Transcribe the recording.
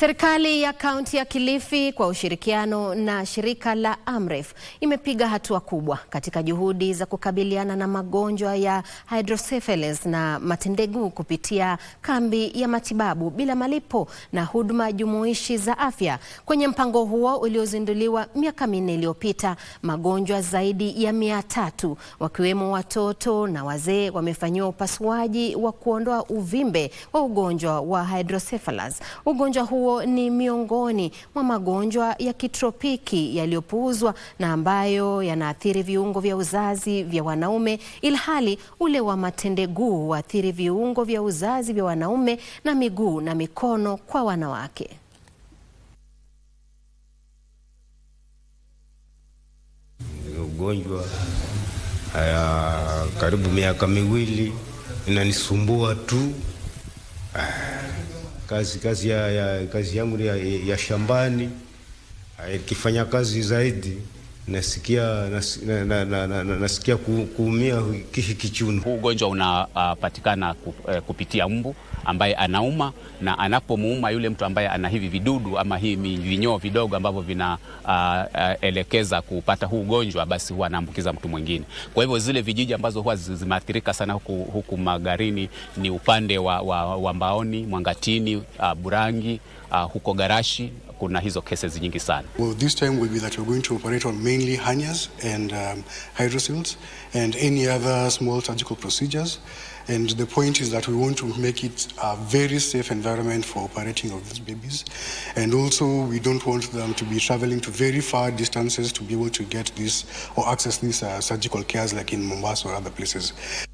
Serikali ya kaunti ya Kilifi kwa ushirikiano na shirika la Amref imepiga hatua kubwa katika juhudi za kukabiliana na magonjwa ya hydrocephalus na matendeguu kupitia kambi ya matibabu bila malipo na huduma jumuishi za afya. Kwenye mpango huo uliozinduliwa miaka minne iliyopita, magonjwa zaidi ya mia tatu wakiwemo watoto na wazee wamefanyiwa upasuaji wa kuondoa uvimbe wa ugonjwa wa hydrocephalus. Ugonjwa huo huo ni miongoni mwa magonjwa ya kitropiki yaliyopuuzwa na ambayo yanaathiri viungo vya uzazi vya wanaume, ilhali ule wa matendeguu huathiri viungo vya uzazi vya wanaume na miguu na mikono kwa wanawake. Ugonjwa haya karibu miaka miwili inanisumbua tu kazi, kazi, ya, ya, kazi yangu ya, ya shambani eh, ikifanya kazi zaidi nasikia, nas, na, na, na, na, nasikia ku, kuumia kichuni. Huu ugonjwa unapatikana ah, uh, eh, kupitia mbu ambaye anauma na anapomuuma yule mtu ambaye ana hivi vidudu ama hivi vinyoo vidogo ambavyo vinaelekeza ah, ah, uh, uh, kupata huu ugonjwa, basi huwa anaambukiza mtu mwingine. Kwa hivyo zile vijiji ambazo huwa zimeathirika sana huku, huku Magarini ni upande wa, wa, wa Mbaoni, Mwangatini, uh, Burangi, uh, huko Garashi kuna hizo cases nyingi sana. Well, this time will be that we're going to operate on mainly hernias and um, hydrocele and any other small surgical procedures and the point is that we want to make it a very safe environment for operating of these babies and also we don't want them to be traveling to very far distances to be able to get this or access these uh, surgical cares like in Mombasa or other places.